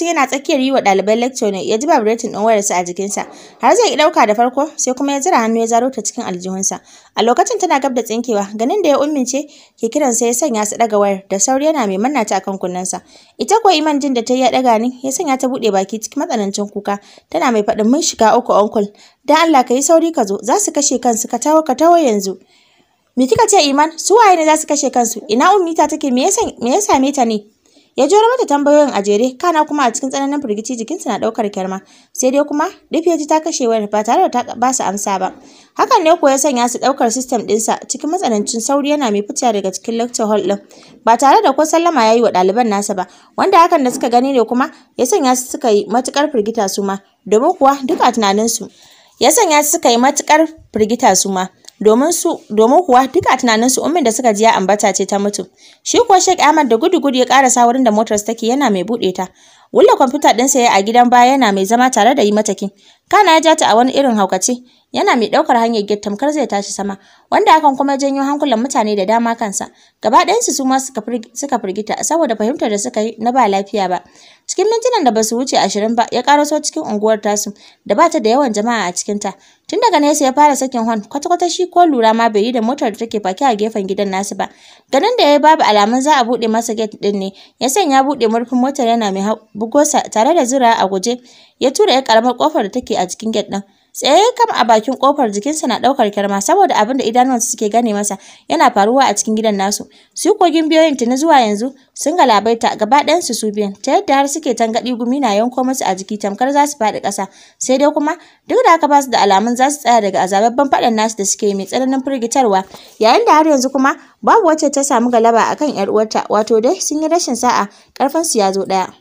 tun yana tsakiyar yi wa ɗalibai lecture ne ya ji vibrating ɗin wayarsa a jikinsa har zai ɗauka da farko sai kuma ya jira hannu ya zaro ta cikin aljihunsa a lokacin tana gab da tsinkewa ganin da ya ummince ke kiran sai ya sanya su ɗaga wayar da sauri yana mai manna ta akan kunnensa ita kuwa iman jin da ta yi ya ɗaga ni ya sanya ta buɗe baki cikin matsanancin kuka tana mai faɗin mun shiga uku onkul dan Allah ka yi sauri ka zo za su kashe kansu ka tawo ka tawo yanzu me kika ce iman su waye ne za su kashe kansu ina ummita take me ya same ta ne ya jawo mata tambayoyin a jere kana kuma a cikin tsananin firgici jikinsa na ɗaukar kyarma sai dai kuma duk ya ta kashe wayar ba tare da ta ba su amsa ba hakan ne kuwa ya sanya su ɗaukar system dinsa? cikin matsanancin sauri yana mai fita daga cikin lecture hall din ba tare da ko sallama ya yi wa ɗaliban nasa ba wanda hakan da suka gani ne kuma ya sanya su suka yi matukar firgita su ma domin kuwa duk a su ya sanya su suka yi matukar firgita su ma domin kuwa duk a tunaninsu ummin da suka ji ya ambata ce ta mutu. Shi kuwa Sheikh Ahmad da gudu-gudu ya ƙara wurin da motarsa take yana mai buɗe ta. Wulla kwamfuta ɗinsa ya a gidan baya yana mai zama tare da yi mataki. Kana ya ja ta a wani irin haukace, yana mai ɗaukar hanyar get tamkar zai tashi sama, wanda hakan kuma janyo hankulan mutane da dama kansa. Gaba ɗayansu su ma suka firgita saboda fahimtar da suka yi na ba lafiya ba. Cikin mintunan da basu wuce ashirin ba, ya karaso cikin unguwar tasu da bata da yawan jama'a a ta Tun daga nesa ya fara sakin hon, kwata-kwata shi ko lura ma bai yi da motar da take fake a gefen gidan nasu ba. Ganin da ya yi babu alamun za a buɗe masa gate ɗin ne, ya sanya buɗe murfin motar yana mai bugosa tare da zura a guje. ya tura ya karamar kofar da take a cikin gate din tsaye kam a bakin kofar jikin jikinsa na daukar kyarma saboda abin da idanunsa suke gane masa yana faruwa a cikin gidan nasu su kogin biyoyin tuni zuwa yanzu sun galabaita gaba ɗayan su su biyan ta yadda har suke tangaɗi gumi na yanko musu a jiki tamkar za su faɗi ƙasa sai dai kuma duk da haka ba su da alamun za su tsaya daga azababban faɗan nasu da suke mai tsananin firgitarwa yayin da har yanzu kuma babu wacce ta samu galaba akan 'yar uwarta wato dai sun yi rashin sa'a ƙarfinsu ya zo ɗaya.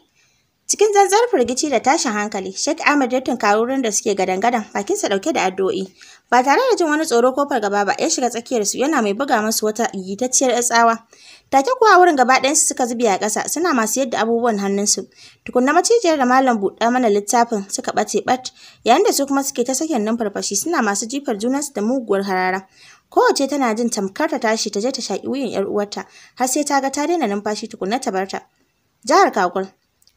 Cikin zanzar firgici da tashin hankali, Sheikh Ahmed ya tunkari wurin da suke gadan-gadan, bakinsa dauke da addu'o'i. Ba tare da jin wani tsoro ko fargaba ba, ya shiga tsakiyar su yana mai buga musu wata gitacciyar tsawa. Take kuwa wurin gaba ɗayansu suka zubi a ƙasa, suna masu yadda abubuwan hannunsu. Tukunna macijiyar da malam buɗa mana littafin suka ɓace ɓat, yayin da su kuma suke ta sakin nan farfashi suna masu jifar junansu da muguwar harara. Kowace tana jin tamkar ta tashi ta je ta shaƙi wuyan ‘yar uwarta, har sai ta ga ta daina numfashi tukunna ta ta Jihar Kakul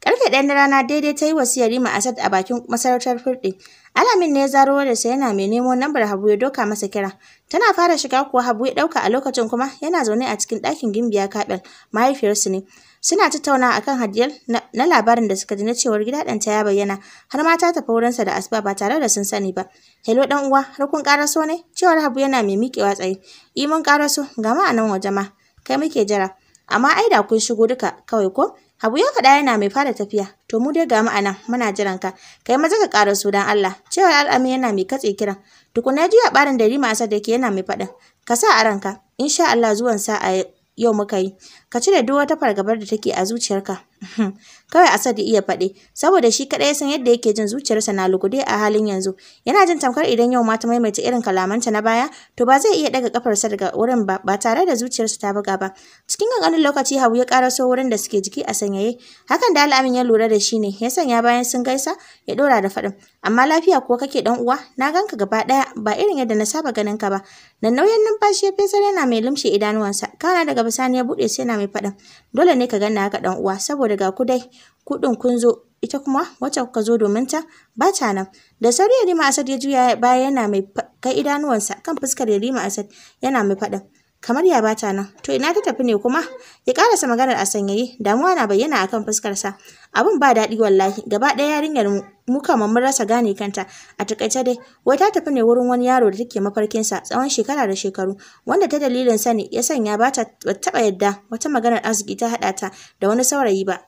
Karfe ɗaya na rana daidai ta yi wasiyar Rima Asad a bakin masarautar Firɗi. Alamin ne ya zaro sa yana mai nemo lambar Habu ya doka masa kira. Tana fara shiga kuwa Habu ya ɗauka a lokacin kuma yana zaune a cikin ɗakin Gimbiya Kaɓel, mahaifiyarsu ne. Suna tattauna a kan hadiyar na labarin da suka ji na cewar gida ɗanta ya bayyana har ma ta tafi wurinsa da asuba ba tare da sun sani ba. Hello ɗan uwa, har kun ƙaraso ne? Cewar Habu yana mai miƙewa tsaye. E, mun ƙaraso, ga ma a nan waje ma. Kai muke jira. Amma ai da kun shigo duka kawai ko? Abu ya faɗa yana mai fara tafiya. To mu dai ga mu anan muna jiran ka. Kai maza ka ƙara su don Allah. Cewa al'ami yana mai katse kiran. Tukuna jiya ɓarin da Rima da ke yana mai faɗin. Ka sa a ranka. Insha Allah zuwan sa a yau muka yi. Ka cire duk wata fargabar da take a zuciyarka. Kawai a ya iya faɗi, saboda shi kaɗai ya san yadda yake jin zuciyarsa na lugude a halin yanzu. Yana jin tamkar idan yau ma ta maimaita irin kalamanta na baya, to ba zai iya ɗaga kafarsa daga wurin ba, ba tare da zuciyarsa ta buga ba. Cikin ƙanƙanin lokaci Habu ya ƙaraso wurin da suke jiki a sanyaye. Hakan da Al'amin ya lura da shi ne, ya sanya bayan sun gaisa, ya ɗora da faɗin. Amma lafiya ko kake dan uwa, na ganka gaba ɗaya, ba irin yadda na saba ganin ka ba. Nan nauyin numfashi ya fesa yana mai lumshe idanuwansa, kana daga bisani ya buɗe sai yana mai faɗin. Dole ne ka ganna haka dan uwa, saboda riga ku dai kuɗin kun zo ita kuma wacce kuka zo domin ta ba ta nan da sauri yarima asad ya juya baya yana mai kai idanuwansa kan fuskar yarima asad yana mai faɗa kamar ya bata nan to ina ta tafi ne kuma ya karasa maganar a sanyaye damuwa na bayyana akan fuskarsa abin ba daɗi wallahi gaba ɗaya yarinyar mu kamar mun rasa gane kanta a takaice dai wai ta tafi ne wurin wani yaro da take mafarkin sa tsawon shekara da shekaru wanda ta dalilin sani ya sanya ba ta taɓa yadda wata maganar arziki ta haɗa ta da wani saurayi ba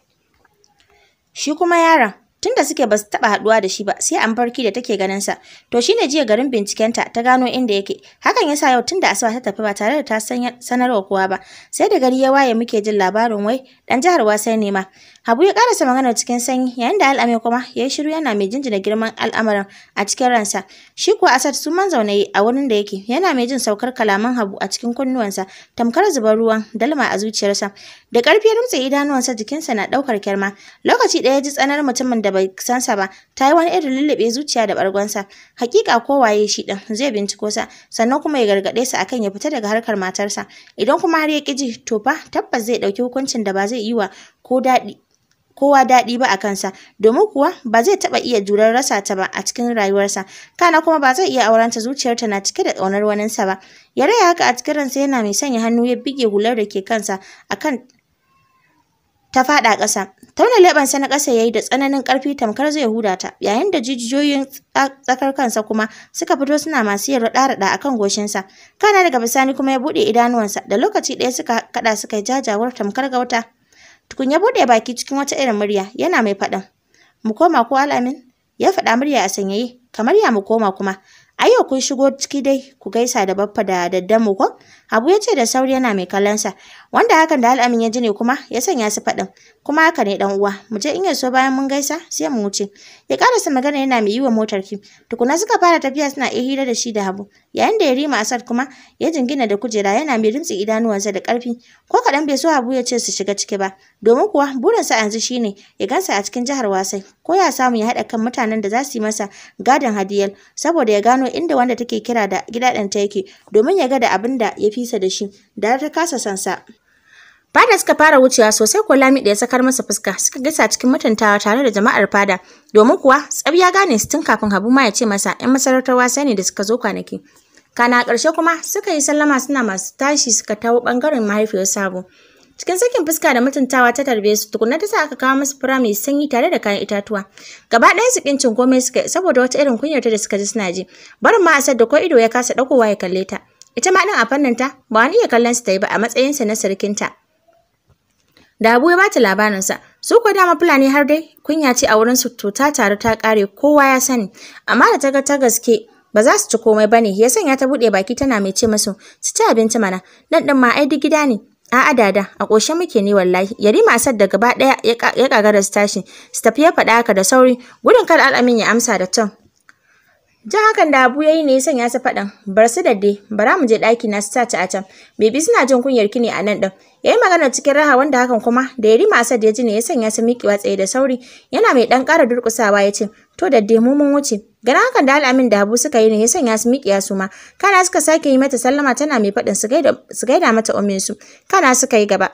shi kuma yaron Tunda suke ba su taɓa haɗuwa da shi ba, sai an farki da take ganinsa. To shi ne jiya garin bincikenta ta gano inda yake. Hakan yasa yau tunda Asuba ta tafi ba tare da ta sanarwa kowa ba. Sai da gari ya waye muke jin labarin wai ɗan jihar Wasai ne ma. Habu ya karasa magana cikin sanyi yayin da Al'ame kuma ya yi shiru yana mai jinjina girman al'amarin a cikin ransa. Shi kuwa Asad su man zaunaye a wurin da yake yana mai jin saukar kalaman Habu a cikin kunnuwansa tamkar zubar ruwan dalma a zuciyarsa. Da ƙarfi ya rumtse idanuwansa jikinsa na ɗaukar kyarma. Lokaci ɗaya ya ji tsanar mutumin da bai san sa ba ta yi wani irin lullube zuciya da bargonsa hakika ko waye shi din zai binciko sa sannan kuma ya gargade sa akan ya fita daga harkar matarsa idan kuma har ya kiji to fa tabbas zai dauki hukuncin da ba zai yi wa ko daɗi kowa daɗi ba a kansa domin kuwa ba zai taɓa iya jurar rasa ta ba a cikin rayuwarsa kana kuma ba zai iya auren aurenta zuciyarta na cike da tsaunar waninsa ba ya raya haka a cikin ransa yana mai sanya hannu ya bige hular da ke kansa akan ta faɗa ƙasa. Tauna sa na ƙasa ya yi da tsananin ƙarfi tamkar zai huda ta, yayin da jijiyoyin tsakar kansa kuma suka fito suna masu yin raɗa-raɗa a kan goshinsa. Kana daga bisani kuma ya buɗe idanuwansa, da lokaci ɗaya suka kaɗa suka yi jajawar tamkar gauta. Tukun ya buɗe baki cikin wata irin murya, yana mai faɗan. Mu koma ko alamin? Ya faɗa murya a sanyaye, kamar ya mu koma kuma. A yau kun shigo ciki dai ku gaisa da baffa da daddamu ko? Habu ya ce da sauri yana mai kallon sa wanda hakan da al'amin ya ji ne kuma ya sanya su faɗin. Kuma haka ne dan uwa, mu je in ya so bayan mun gaisa sai mu wuce. Ya karasa magana yana mai yi wa motar ki. Tukuna suka fara tafiya suna iya hira da shi da Habu. Yayin da ya Yarima Asad kuma ya jingina da kujera yana mai rintsi idanuwansa da karfi Ko kaɗan bai so Habu ya ce su shiga ciki ba, domin kuwa burin burinsa yanzu ne ya gansa a cikin jihar Wasai. Ko ya samu ya hada kan mutanen da za su yi masa gadon hadiyal saboda ya gano Kano inda wanda take kira da gida gidadanta yake domin ya ga da abin da ya fisa da shi da ta kasa sansa. Fada suka fara wucewa sosai ko da ya sakar masa fuska suka gisa cikin mutuntawa tare da jama'ar fada domin kuwa tsab ya gane su tun kafin Habu ma ya ce masa 'yan masarautar wasa ne da suka zo kwanaki. Kana ƙarshe kuma suka yi sallama suna masu tashi suka tawo ɓangaren mahaifiyar Sabo. Cikin sakin fuska da mutuntawa ta tarbe su tukunna ta sa aka kawo masu fura mai sanyi tare da kayan itatuwa. Gaba ɗaya su kincin komai suka saboda wata irin kunyar ta da suka ji suna ji. Barin ma da ko ido ya kasa ɗaukowa ya kalle ta. Ita ma ɗin a fannin ta ba wani iya kallon su ta yi ba a matsayin sa na sarkinta. Da Abu ya bata labarin sa su ko dama Fulani har dai kunya ce a wurin su to ta taru ta kare kowa ya sani. Amma da ta ga ta gaske ba za su ci komai bane ya sanya ta buɗe baki tana mai ce masu su ci abinci mana nan ɗin ma ai duk gida ne A'a dada, a ƙoshe muke ne wallahi. Yarima masar da gaba ɗaya ya kagara su tashi. Su tafi ya faɗa haka da sauri, gudun kar al'amin ya amsa da tom. Jan hakan da Abu yi ne ya sanya su faɗan, bar su dade, bara mu je ɗaki na su ci a can. Bibi suna jin kunyar ki ne a nan ɗin. Yayi magana cikin raha wanda hakan kuma da ya rima Asad ya ji ne ya sanya su miƙewa tsaye da sauri. Yana mai ɗan ƙara durƙusawa ya ce, to dade mu mun wuce. Gana hakan da Al'amin da Abu suka yi ne ya sanya su miƙiya su ma. Kana suka sake yi mata sallama tana mai faɗin su gaida mata ummin su. Kana suka yi gaba.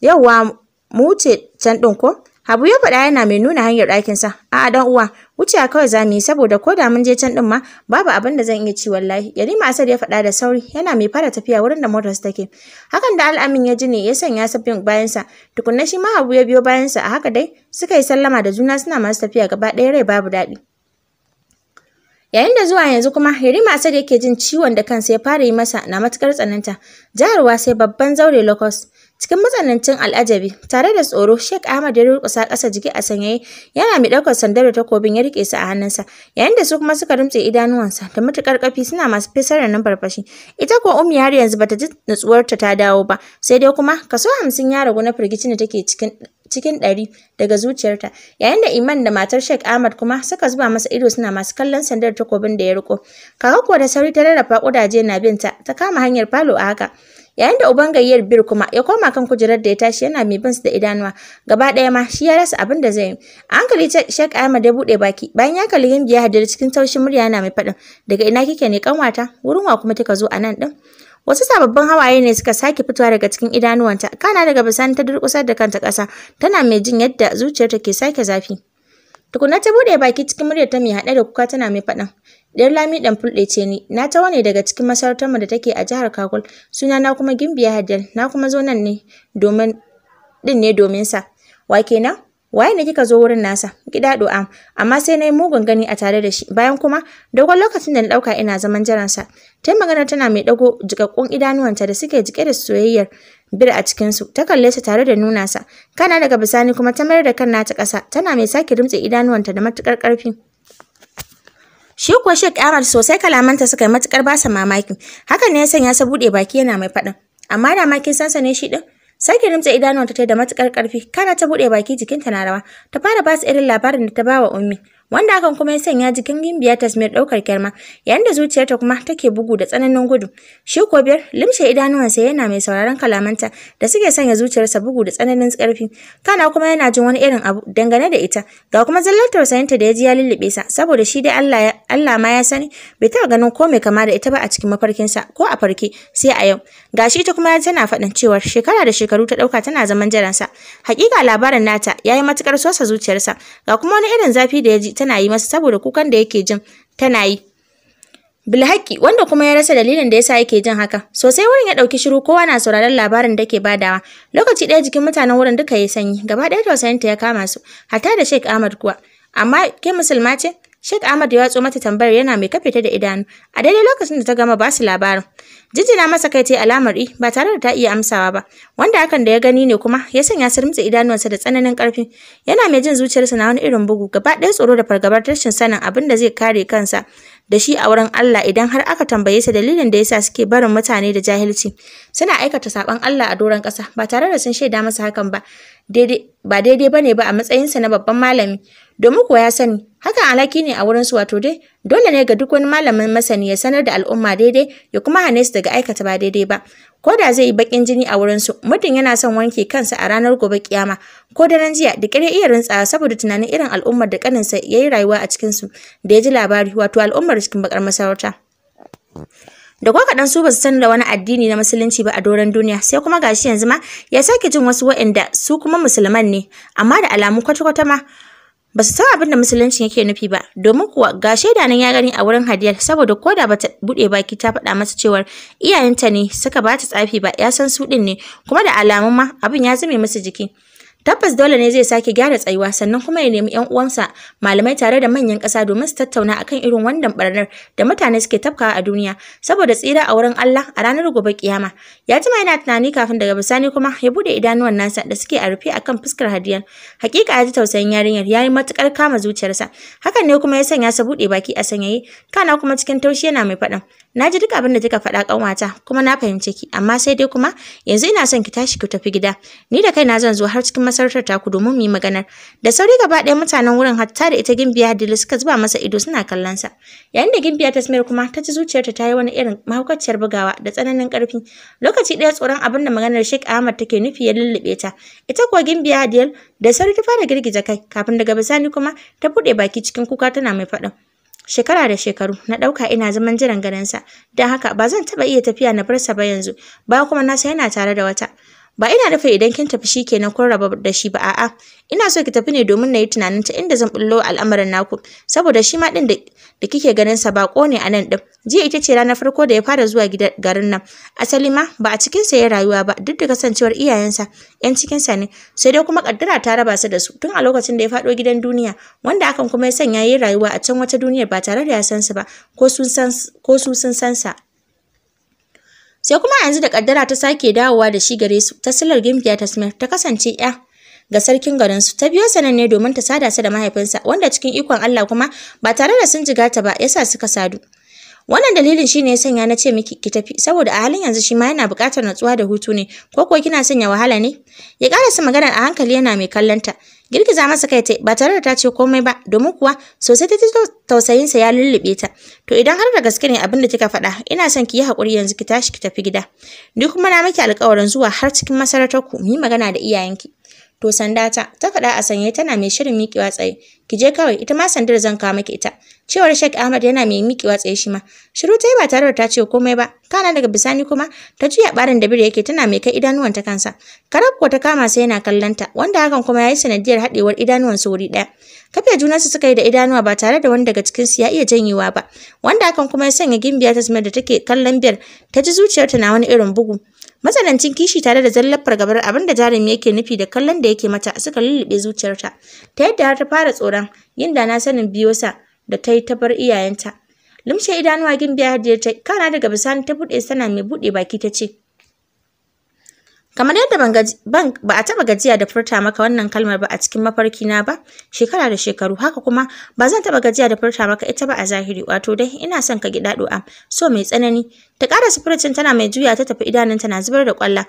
Yauwa mu wuce can ɗin ko? Habu ya faɗa yana mai nuna hanyar sa A'a dan uwa, wuce kawai za mu yi saboda ko da mun je can din ma babu abin da zan iya ci wallahi. Yarima Asad ya faɗa da sauri yana mai fara tafiya wurin da motar take. Hakan da Al'amin ya ji ne ya sanya sabbin bayansa. Tukunna shi ma Habu ya biyo bayan sa a haka dai suka yi sallama da juna suna masu tafiya gaba ɗaya rai babu daɗi. Yayin da zuwa yanzu kuma Yarima Asad yake jin ciwon da kansa ya fara yi masa na matukar tsananta. Jaharwa sai babban zaure locust. Cikin matsanancin al'ajabi, tare da tsoro, Sheikh Ahmad ya rurkusa ƙasa jiki a sanyaye, yana mai ɗaukar sandar da takobin ya riƙe su a hannunsa, yayin da su kuma suka rumtse idanuwansa da matuƙar ƙafi suna masu fesar da numfarfashi. Ita kuwa Ummi har yanzu bata ji nutsuwarta ta dawo ba, sai dai kuma kaso hamsin ya ragu na firgicin da take cikin cikin ɗari daga zuciyarta yayin da iman da matar sheik ahmad kuma suka zuba masa ido suna masu kallon sandar takobin da ya riko kaka kuwa da sauri ta rarrafa ƙudaje na binta ta kama hanyar falo a haka Yayin da uban gayyar Bir kuma ya koma kan kujerar da ya tashi yana mai bin da idanuwa. Gaba ɗaya ma shi ya rasa abin da zai yi. A hankali shek Ahmad ya bude baki bayan ya kalli biya hadir cikin taushin murya yana mai faɗin daga ina kike ne kanwata wurin wa kuma kika zo a nan ɗin. Wasu sababbin hawaye ne suka sake fitowa daga cikin idanuwanta, kana daga bisani ta kusa da kanta kasa tana mai jin yadda zuciyarta ke sake zafi. Tukuna ta bude baki cikin murya ta mai haɗe da kuka tana mai faɗin, lami Lamiɗan fulɗe ce ni. Na tawo ne daga cikin masarautar mu da take a jihar suna na kuma Gimbiya Haddal. Na kuma zo nan ne domin din ne domin sa. Wa kenan? Waye ne kika zo wurin nasa? Gida do'a Amma sai na yi mugun gani a tare da shi. Bayan kuma, dogon lokacin da na ɗauka ina zaman jiransa. Ta magana tana mai ɗago jikakkun idanuwanta da suke jike da soyayyar bir a cikinsu. Ta kalle shi tare da nuna sa. Kana daga bisani kuma ta mayar da kan nata kasa Tana mai sake rimtse idanuwanta da matuƙar ƙarfi. Shi kuwa Sheikh Ahmad sosai kalamanta suka yi matuƙar basa mamaki. Hakan ne ya sanya sa buɗe baki yana mai faɗin. Amma da ma kin san sa ne shi ɗin? Sake rimtsa idanuwanta ta da matuƙar ƙarfi, kana ta buɗe baki jikinta na rawa. Ta fara ba su irin labarin da ta ba wa Ummi. wanda hakan kuma ya sanya jikin gimbiya tasmir ɗaukar kyarma yayin da zuciyarta kuma take bugu da tsananin gudu shi ko biyar limshe idanuwansa yana mai sauraron kalamanta da suke sanya zuciyarsa bugu da tsananin ƙarfi kana kuma yana jin wani irin abu dangane da ita ga kuma zallar tausayinta da ya ji ya lullube sa saboda shi dai Allah Allah ma ya sani bai taɓa ganin ko mai kama da ita ba a cikin mafarkinsa ko a farke sai a yau gashi ta kuma tana faɗin cewar shekara da shekaru ta ɗauka tana zaman jiransa hakika labarin nata ya yi matuƙar sosa zuciyarsa ga kuma wani irin zafi da ya ji tana yi masa saboda kukan da yake jin tana yi Bilhaki wanda kuma ya rasa dalilin da yasa yake jin haka. Sosai wurin ya ɗauki shiru kowa na sauraron labarin da ke badawa. Lokaci ɗaya jikin mutanen wurin duka ya sanyi, gaba ɗaya tausayinta ya kama su, Hata da Sheikh Ahmad kuwa. Amma ke musulma ce? Sheikh Ahmad ya watso mata tambayar yana mai kafe ta da idanu. A daidai lokacin da ta gama ba su labarin. Jijina masa kai ta yi alamar i ba tare da ta iya amsawa ba. Wanda hakan da ya gani ne kuma ya sanya sirmitsa idanuwansa da tsananin ƙarfi. Yana mai jin zuciyarsa na wani irin bugu gaba ɗaya tsoro da fargabar rashin sanin abin da zai kare kansa da shi a wurin Allah idan har aka tambaye sa dalilin da yasa suke barin mutane da jahilci. Suna aikata saɓon Allah a doron ƙasa ba tare da sun shaida masa hakan ba. ba daidai ba ne ba a matsayinsa na babban malami domin kuwa ya sani haka alhaki ne a wurin su wato dai dole ne ga duk wani malamin masani ya sanar da al'umma daidai ya kuma hane su daga aikata ba daidai ba ko da zai yi bakin jini a wurin su mutum yana son wanke kansa a ranar gobe kiyama ko da nan jiya da kare iya rantsa saboda tunanin irin al'ummar da kaninsa ya yi rayuwa a cikin su da ya ji labari wato al'ummar cikin bakar masarauta da ko kaɗan su basu su san da wani addini na musulunci ba a doron duniya sai kuma gashi yanzu ma ya sake jin wasu waɗanda su kuma musulman ne amma da alamu kwata-kwata ma ba su san abin da musulunci yake nufi ba domin kuwa ga shaida nan ya gani a wurin hadiyar saboda ko da bata buɗe baki ta faɗa masa cewar iyayenta ne suka bata tsafi ba ya san su ɗin ne kuma da alamun ma abin ya zame musu jiki Tabbas dole ne zai sake gyara tsayuwa sannan kuma ya nemi 'yan uwansa malamai tare da manyan ƙasa domin su tattauna akan irin wannan barnar da mutane suke tafkawa a duniya saboda tsira a wurin Allah a ranar gobe kiyama. Ya jima yana tunani kafin daga bisani kuma ya bude idanuwan nasa da suke a rufe akan fuskar hadiyar Hakika ya ji tausayin yarinyar ya yi matukar kama zuciyarsa. Hakan ne kuma ya sanya su bude baki a sanyaye kana kuma cikin taushi yana mai faɗan Na ji duk abin da kika faɗa kanwata, kuma na fahimce ki amma sai dai kuma yanzu ina son ki tashi ki tafi gida. Ni da kai na zan zo har cikin masarautar taku domin mu yi maganar. Da sauri gaba ɗaya mutanen wurin hatta da ita Gimbiya Hadilu suka zuba masa ido suna kallon sa. Yayin da Gimbiya ta Smir kuma ta ji zuciyarta ta yi wani irin mahaukaciyar bugawa da tsananin ƙarfi. Lokaci ɗaya tsoron abin da maganar Sheikh Ahmad take nufi ya lullube ta. Ita kuwa Gimbiya Hadilu da sauri ta fara girgiza kai kafin daga bisani kuma ta buɗe baki cikin kuka tana mai faɗin. Shekara da shekaru na ɗauka ina zaman jiran ganinsa, don haka ba zan taɓa iya tafiya na barsa ba yanzu, ba kuma na san yana tare da wata. Ba ina nufin idan kin tafi shi kenan kun raba da shi ba a'a. Ina so ki tafi ne domin na yi tunanin ta inda zan bullo al'amarin naku, saboda shi ma ɗin da da kike ganin sa bako ne a nan din. Jiya ita ce ranar farko da ya fara zuwa garin nan. Asali ma ba a cikin sa ya rayuwa ba duk da kasancewar iyayensa yan cikin sa ne. Sai dai kuma kaddara ta raba su da su tun a lokacin da ya fado gidan duniya wanda akan kuma ya sanya yayi rayuwa a can wata duniya ba tare da ya san su ba ko sun san ko su sun san sa. Sai kuma yanzu da kaddara ta sake dawowa da shi gare su ta silar Gimbiya Tasmir ta kasance ya ga sarkin su ta biyo sanan ne domin ta sada su da mahaifinsa wanda cikin ikon Allah kuma ba tare da sun jiga ta ba yasa suka sadu wannan dalilin shine ya sanya na ce miki ki tafi saboda a halin yanzu shi ma yana buƙatar natsuwa da hutu ne ko ko kina sanya wahala ne ya karasa maganar a hankali yana mai kallonta girgiza masa kai tai ba tare da ta ce komai ba domin kuwa sosai ta tausayin sa ya lullube ta to idan har da gaske ne abin da kika faɗa ina son ki yi haƙuri yanzu ki tashi ki tafi gida ni kuma na miki alƙawarin zuwa har cikin masarautar ku mu yi magana da iyayenki To sanda ta, ta faɗa a sanye tana mai shirin miƙewa tsaye. Ki je kawai, ita ma sandar zan kawo maki ita. Cewar Sheikh Ahmad yana mai miƙewa tsaye shi ma. Shiru ta yi ba tare da ta ce komai ba. Kana daga bisani kuma ta juya barin da biri yake tana mai kai idanuwan ta kansa. Karab ko ta kama sai yana kallanta wanda hakan kuma ya yi sanadiyar haɗewar idanuwan su wuri ɗaya. Kafe su suka yi da idanuwa ba tare da wani daga su ya iya janyewa ba. Wanda hakan kuma ya sanya gimbiya ta da take kallon biyar ta ji zuciyarta na wani irin bugu. Matsanancin kishi tare da zallar fargabar abin da jarumi yake nufi da kallon da yake mata suka lullube zuciyarta, ta yadda har ta fara tsoron yin da na sanin biyo sa da ta yi ta bar iyayenta. Limshe idanuwa gimbiya ya ta kana daga bisani ta buɗe sana mai buɗe baki ta ce, Kamar yadda ba a taɓa gajiya da furta maka wannan kalmar ba a cikin mafarki na ba, shekara da shekaru, haka kuma ba zan taɓa gajiya da furta maka ita ba a zahiri, wato dai ina son ka gida do'a, so mai tsanani. Ta ƙara sufurcin tana mai juya ta tafi idanunta na zubar da ƙwalla.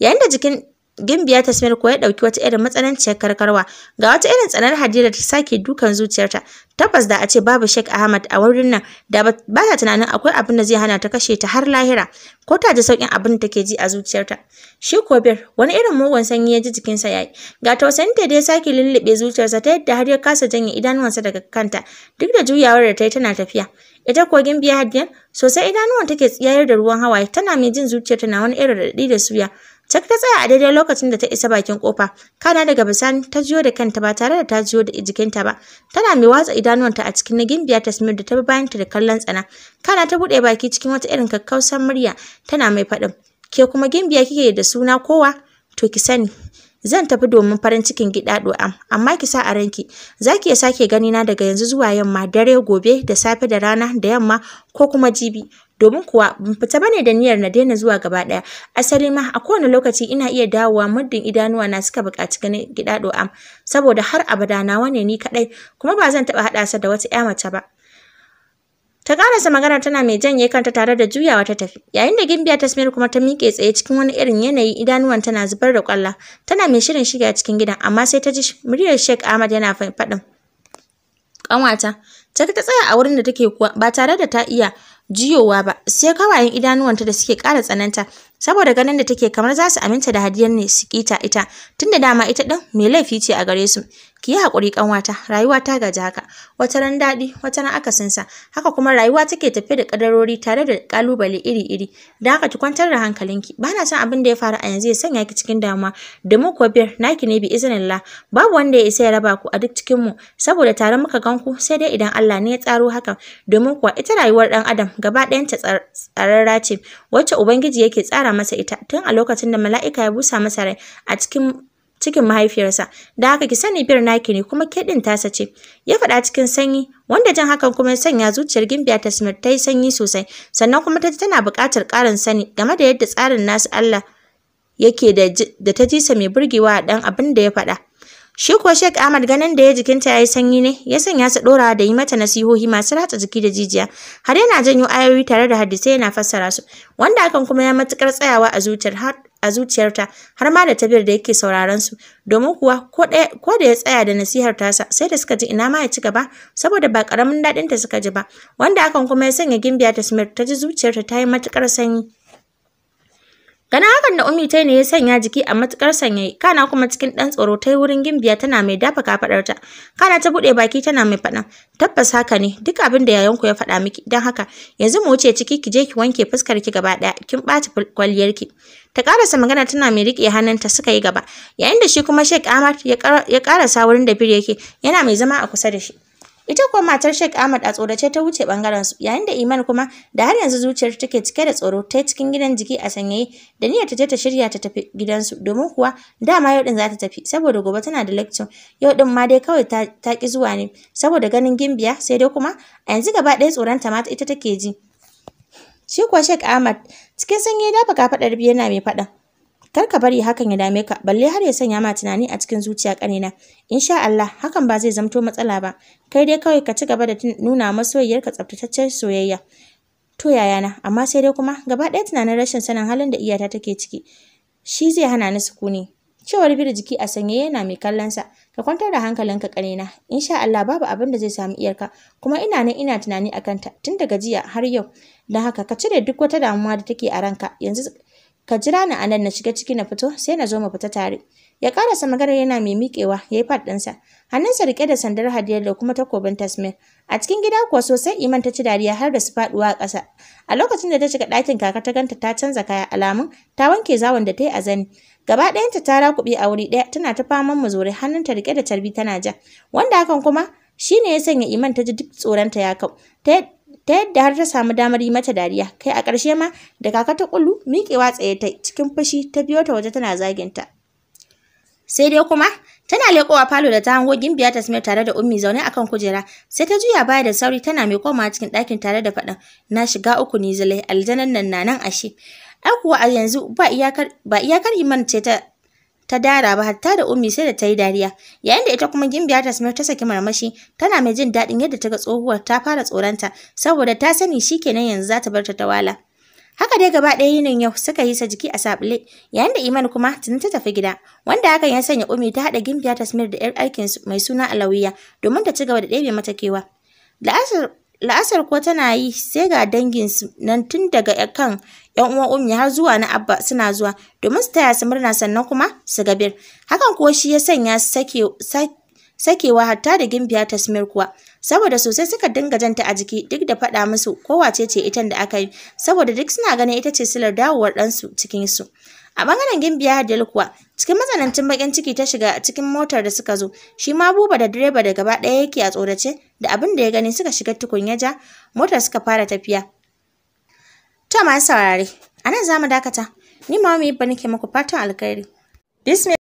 Yayin da jikin Gimbiya Tasmir ko ya dauki wata irin matsananciyar karkarwa. Ga wata irin tsanar Hadiza ta sake dukan zuciyarta. Tabbas da a ce babu Sheikh Ahmad a wurin nan, da ba ta tunanin akwai abin da zai hana ta kashe ta har lahira. Ko ta ji saukin abin da take ji a zuciyarta. Shi bir wani irin mugun sanyi ya ji jikinsa ya yi. Ga tausayin ta da sake lullube zuciyarsa ta yadda har ya kasa janye idanuwansa daga kanta, duk da juyawar da ta yi tana tafiya. Ita ko Gimbiya Hadiyan, sosai idanuwan take tsiyayar da ruwan hawaye, tana mai jin zuciyarta na wani irin raɗaɗi da suya. Cak ta tsaya a daidai lokacin da ta isa bakin kofa. Kana daga bisani ta jiyo da kanta ba tare da ta jiyo da jikinta ba. Tana mai watsa idanuwanta a cikin gimbiya Tasmir da ta bayan bayanta da kallon tsana. Kana ta bude baki cikin wata irin kakkausar murya tana mai faɗin. Ke kuma gimbiya kike da suna kowa? To ki sani. Zan tafi domin farin cikin gida am, amma ki sa a ranki, za ki iya sake na daga yanzu zuwa yamma, dare, gobe, da safe, da rana, da yamma, ko kuma jibi. domin kuwa ban fita bane da niyyar na daina zuwa gaba ɗaya. Asali ma a kowane lokaci ina iya dawowa muddin idanuwa na suka buƙaci ganin gida am saboda har abada nawa ne ni kaɗai kuma ba zan taɓa haɗa sa da wata ƴa mace ba. Ta karasa magana tana mai janye kanta tare da juyawa ta tafi. Yayin da Gimbiya Tasmir kuma ta miƙe tsaye cikin wani irin yanayi idanuwan tana zubar da ƙwalla Tana mai shirin shiga cikin gidan amma sai ta ji muryar shek Ahmad yana faɗin. Ƙanwata, Tafi ta tsaya a wurin da take kuwa ba tare da ta iya jiyowa ba sai kawayen idanuwanta da suke ƙara tsananta saboda ganin da take kamar za su aminta da hadiyar ne su kita ita tunda dama ita ɗin mai laifi ce a gare su Ki yi haƙuri ƙanwata, rayuwa ta gaji haka, wata ran daɗi, wata ran sa haka kuma rayuwa take tafe da ƙadarori tare da ƙalubale iri-iri, da haka ki kwantar da hankalinki, ba na son abin da ya faru a yanzu ya sanya ki cikin damuwa, domin kuwa biyar naki ne bi izinillah, babu wanda ya isa ya raba ku a duk cikin mu saboda tare muka gan ku sai dai idan Allah ne ya tsaro haka domin kuwa ita rayuwar ɗan adam gaba ta tsararra ce, wacce Ubangiji yake tsara masa ita tun a lokacin da mala'ika ya busa masa rai a cikin cikin mahaifiyarsa da haka ki sani bir naki ne kuma ke din tasa ce ya faɗa cikin sanyi wanda jan hakan kuma ya sanya zuciyar gimbiya ta ta yi sanyi sosai sannan kuma ta tana buƙatar ƙarin sani game da yadda tsarin nasu allah yake da ta jisa mai burgewa a ɗan abin da ya faɗa Shi kuwa Sheikh Ahmad ganin da ya jikinta ya yi sanyi ne, ya sanya su ɗora da yi mata nasihohi masu ratsa jiki da jijiya, har yana janyo ayoyi tare da hadisai yana fassara su, wanda hakan kuma ya matukar tsayawa a zuciyar har a zuciyarta har ma da Tabir da yake sauraron su domin kuwa ko da ya tsaya da nasihar tasa sai da suka ji ina ma ya ci gaba saboda ba karamin dadin ta suka ji ba wanda hakan kuma ya sanya Gimbiya ta Smith ta ji zuciyarta ta yi matukar sanyi Ganin hakan da Ummi ta ne ya sanya jiki a matukar sanyayi, kana kuma cikin ɗan tsoro tai wurin gimbiya tana mai dafa ta Kana ta buɗe baki tana mai faɗan, tabbas haka ne, duk abin da yayanku ya faɗa miki, dan haka yanzu mu wuce ciki ki je ki wanke fuskar ki gaba ɗaya, kin ɓata kwalliyarki. Ta karasa magana tana mai rike hannunta suka yi gaba, yayin da shi kuma Sheikh Ahmad ya karasa wurin da biri yake, yana mai zama a kusa da shi. Ita kuwa matar Sheikh Ahmad a tsorace ta wuce bangaren su, yayin da Iman kuma da har yanzu zuciyar take cike da tsoro ta cikin gidan jiki a sanyaye da niyyar ta je ta shirya ta tafi gidansu domin kuwa dama yau din za ta tafi saboda gobe tana da lecture. Yau din ma dai kawai ta, ta ki zuwa ne saboda ganin gimbiya sai dai kuma a yanzu gaba ɗaya tsoron ta ma ita take ji. Shi kuwa Sheikh Ahmad cikin sanyi da baka faɗa biyu yana mai faɗan. Kar ka bari hakan ya dame ka, balle har ya sanya ma tunani a cikin zuciya ƙanina. Insha Allah, hakan ba zai zamto matsala ba. Kai dai kawai ka ci gaba da nuna ka tsaftataccen soyayya. To yayana, amma sai dai kuma gaba ɗaya tunanin rashin sanin halin da iyata take ciki. Shi zai hana ni sukuni. Cewar bir jiki a sanye yana mai kallon sa Ka kwantar da hankalinka ƙanina. Insha Allah babu abin da zai samu iyarka. Kuma ina nan ina tunani akan ta tun daga jiya har yau. Don haka ka cire duk wata damuwa da take a ranka. Yanzu Ka jira ni anan na shiga ciki na fito sai na zo mu fita tare. Ya karasa maganar yana mai miƙewa ya yi fat ɗinsa. Hannunsa rike da sandar hadiyar da kuma takobin tasmin. A cikin gida kuwa sosai Iman ta ci dariya har da su faɗuwa a ƙasa. A lokacin da ta shiga ɗakin kaka ta ganta ta canza kaya alamun ta wanke zawon da ta yi a zani. Gaba ɗayanta ta rakuɓe a wuri ɗaya tana ta faman hannun hannunta rike da tarbi tana ja. Wanda hakan kuma shi ne ya sanya Iman ta ji duk tsoronta ya kau. Ta ta yadda har ta samu damar yi mata dariya kai a ƙarshe ma da kaka ta ƙulu miƙewa tsaye ta cikin fushi ta biyo ta waje tana zaginta sai dai kuma tana leƙowa falo da ta hango gimbiya ta smith tare da ummi zaune akan kujera sai ta juya baya da sauri tana mai komawa cikin ɗakin tare da faɗan. na shiga uku ni zalai aljanan nan na nan ashe ai kuwa a yanzu ba iyakar ba iyakar iman ce ta ta dara ba hatta da ummi sai da ta yi dariya yayin da ita kuma gimbiya tasmir ta saki marmashi tana mai jin daɗin yadda ta ga tsohuwar ta fara tsoronta saboda ta sani shi shikenan yanzu za ta bar ta tawala haka dai gaba ɗaya yinin yau suka yi sa jiki a sabule yayin da iman kuma tuni ta tafi gida wanda hakan ya sanya ummi ta haɗa gimbiya tasmir da 'yar aikin mai suna alawiya domin ta ci gaba da ɗebe mata kewa da La'asar kuwa tana yi sai ga danginsu nan tun daga kan ‘yan uwan Ummi har zuwa na Abba suna zuwa domin su taya su murna sannan kuma su gabir. Hakan kuwa shi ya sanya su sakewa hatta da gimbiya ta tasmir kuwa. Saboda sosai suka dinga janta a jiki duk da faɗa musu kowace ce itan da aka yi, saboda duk suna ganin ita ce silar dawowar ɗansu cikinsu. A ɓangaren Gimbiya Hadil kuwa, cikin matsanancin baƙin ciki ta shiga cikin motar da suka zo, shi ma buba da direba da gaba ɗaya yake a tsorace da abin da ya gani suka shiga tukunya ja, motar suka fara tafiya. To masu saurare, a nan za mu dakata, ni ma mu yi ba nake muku fatan alkhairi.